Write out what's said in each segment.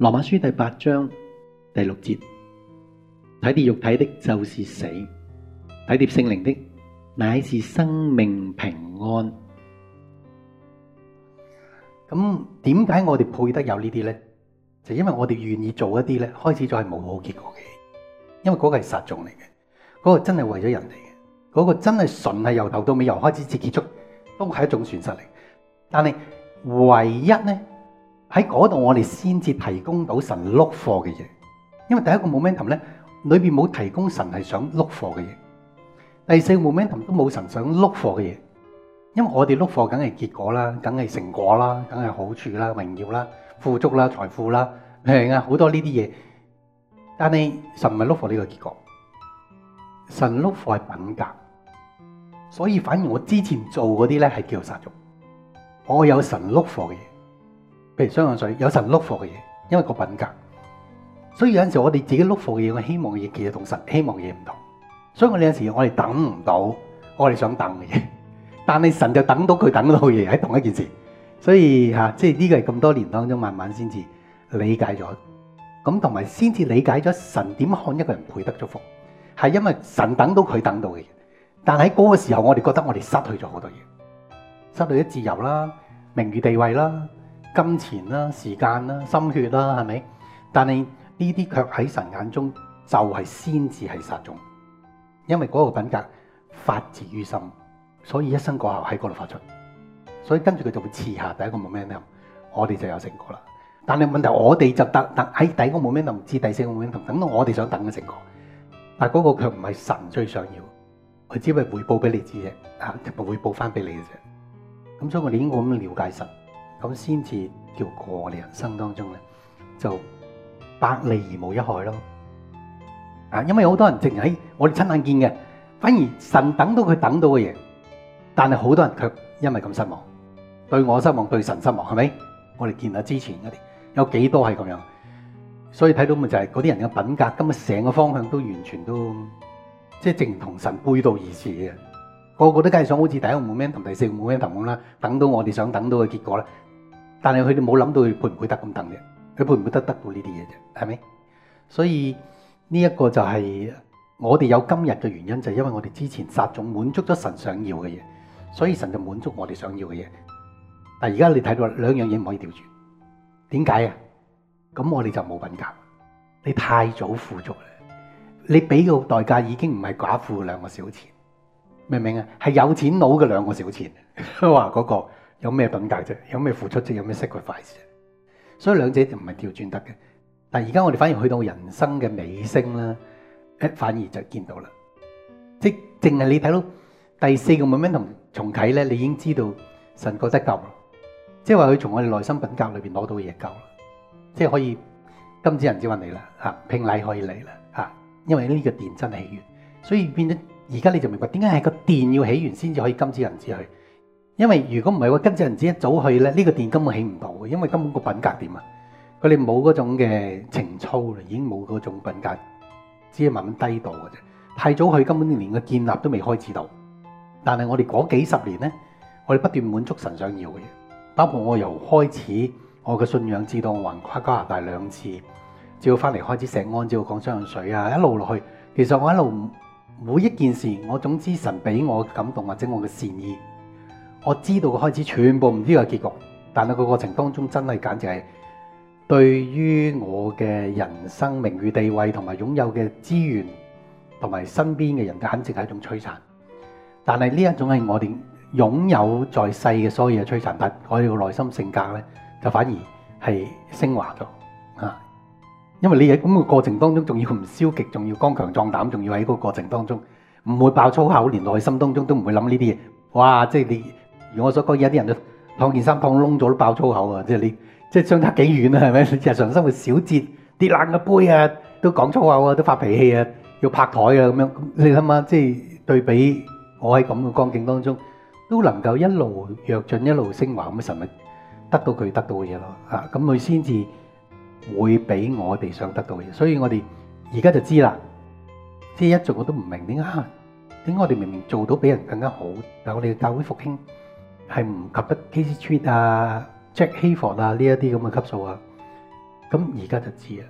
羅馬書第八章第六節，體貼肉體的就是死，體貼聖靈的乃是生命平安。咁點解我哋配得有呢啲呢？就因為我哋願意做一啲咧，開始咗係冇好結果嘅，因為嗰個係殺種嚟嘅，嗰、那個真係為咗人哋嘅，嗰、那個真係純係由頭到尾由開始至結束都係一種損失嚟。但係唯一呢。喺嗰度，我哋先至提供到神碌貨嘅嘢。因為第一個 momentum 咧，裏邊冇提供神係想碌貨嘅嘢。第四個 momentum 都冇神想碌貨嘅嘢。因為我哋碌貨梗係結果啦，梗係成果啦，梗係好處啦，榮耀啦，富足啦，財富啦，係啊，好多呢啲嘢。但係神唔係碌貨呢個結果，神碌貨係品格。所以反而我之前做嗰啲咧係叫做殺肉。我有神碌貨嘅嘢。譬如雙氧水，有神碌貨嘅嘢，因為個品格，所以有陣時我哋自己碌貨嘅嘢，我希望嘅嘢其實同神希望嘅嘢唔同，所以我哋有陣時我哋等唔到我哋想等嘅嘢，但係神就等到佢等到嘅嘢喺同一件事，所以吓、啊、即係呢個係咁多年當中慢慢先至理解咗，咁同埋先至理解咗神點看一個人配得祝福，係因為神等到佢等到嘅嘢，但喺嗰個時候我哋覺得我哋失去咗好多嘢，失去咗自由啦、名譽地位啦。金錢啦、啊、時間啦、啊、心血啦、啊，係咪？但係呢啲卻喺神眼中就係先至係栽種，因為嗰個品格發自於心，所以一生過後喺嗰度發出，所以跟住佢就會賜下第一個 momentum，我哋就有成果啦。但係問題我哋就得等喺第一個 momentum，至第四個 momentum，等到我哋想等嘅成果，但係嗰個卻唔係神最想要他會，佢只會回報俾你知啫，啊，回報翻俾你嘅啫。咁所以我哋應該咁樣了解神。咁先至叫過我哋人生當中咧，就百利而無一害咯。啊，因為好多人淨喺我哋親眼見嘅，反而神等到佢等到嘅嘢，但係好多人卻因為咁失望，對我失望，對神失望，係咪？我哋見下之前嗰啲有幾多係咁樣，所以睇到咪就係嗰啲人嘅品格，今日成個方向都完全都即係淨同神背道而馳嘅，個個都梗係想好似第一個冇咩同第四個冇咩同咁啦，等到我哋想等到嘅結果咧。但係佢哋冇諗到佢配唔配得咁等啫，佢配唔配得得到呢啲嘢啫，係咪？所以呢一個就係我哋有今日嘅原因，就係因為我哋之前撒種滿足咗神想要嘅嘢，所以神就滿足我哋想要嘅嘢。但係而家你睇到兩樣嘢唔可以調轉，點解啊？咁我哋就冇品格，你太早富足啦，你俾嘅代價已經唔係寡婦兩個小錢，明唔明啊？係有錢佬嘅兩個小錢，話、 嗰個。有咩品格啫？有咩付出啫？有咩 sacrifice 啫？所以兩者就唔係調轉得嘅。但係而家我哋反而去到人生嘅尾聲啦，誒反而就見到啦。即係淨係你睇到第四個 moment 同重啟咧，你已經知道神覺得夠啦。即係話佢從我哋內心品格裏邊攞到嘢夠啦。即係可以金枝人枝運嚟啦嚇，聘禮可以嚟啦嚇，因為呢個電真係起源，所以變咗而家你就明白點解係個電要起源先至可以金枝人枝去。因為如果唔係話，跟住人子一早去咧，呢個店，根本起唔到嘅，因為根本個品格點啊？佢哋冇嗰種嘅情操啦，已經冇嗰種品格，只係慢慢低度嘅啫。太早去，根本連個建立都未開始到。但係我哋嗰幾十年咧，我哋不斷滿足神想要嘅嘢，包括我由開始我嘅信仰至到橫跨加拿大兩次，只要翻嚟開始食安照、講香水啊，一路落去。其實我一路每一件事，我總之神俾我嘅感動或者我嘅善意。我知道個開始全部唔知個結局，但係個過程當中真係簡直係對於我嘅人生名譽地位同埋擁有嘅資源同埋身邊嘅人，都簡直係一種摧殘。但係呢一種係我哋擁有在世嘅所有嘢，摧殘，但我哋個內心性格咧就反而係昇華咗啊！因為你喺咁嘅過程當中，仲要唔消極，仲要剛強壯膽，仲要喺個過程當中唔會爆粗口，連內心當中都唔會諗呢啲嘢。哇！即係你。如果我所講，有啲人都燙件衫燙窿咗都爆粗口啊！即係你，即係相差幾遠啊？係咪？你日常生活小節跌爛個杯啊，都講粗口啊，都發脾氣啊，要拍台啊咁樣。你諗下，即係對比我喺咁嘅光景當中，都能夠一路躍進，一路昇華咁嘅神物，得到佢得到嘅嘢咯。嚇，咁佢先至會俾我哋想得到嘅嘢。所以我哋而家就知啦，即係一做我都唔明點解，點解我哋明明做到比人更加好，但係我哋教會復興。係唔及得 case treat 啊、Jack Hayford 啊呢一啲咁嘅級數啊，咁而家就知啊，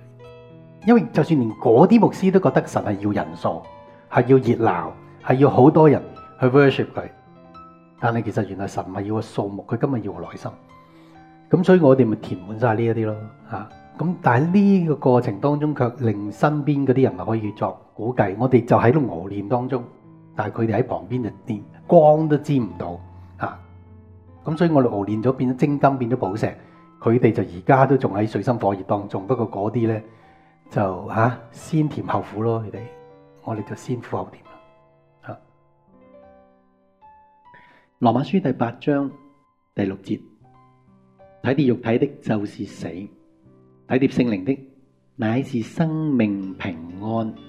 因為就算連嗰啲牧師都覺得神係要人數，係要熱鬧，係要好多人去 worship 佢，但係其實原來神唔係要個數目，佢今日要個內心。咁所以我哋咪填滿曬呢一啲咯嚇。咁但係呢個過程當中，卻令身邊嗰啲人咪可以作估計。我哋就喺度熬煉當中，但係佢哋喺旁邊就掂光都知唔到。咁所以，我哋熬練咗變咗精金，變咗寶石，佢哋就而家都仲喺水深火熱當中。不過嗰啲咧就吓、啊、先甜後苦咯，佢哋我哋就先苦後甜啦。啊，羅馬書第八章第六節，體貼肉體的就是死，體貼聖靈的乃是生命平安。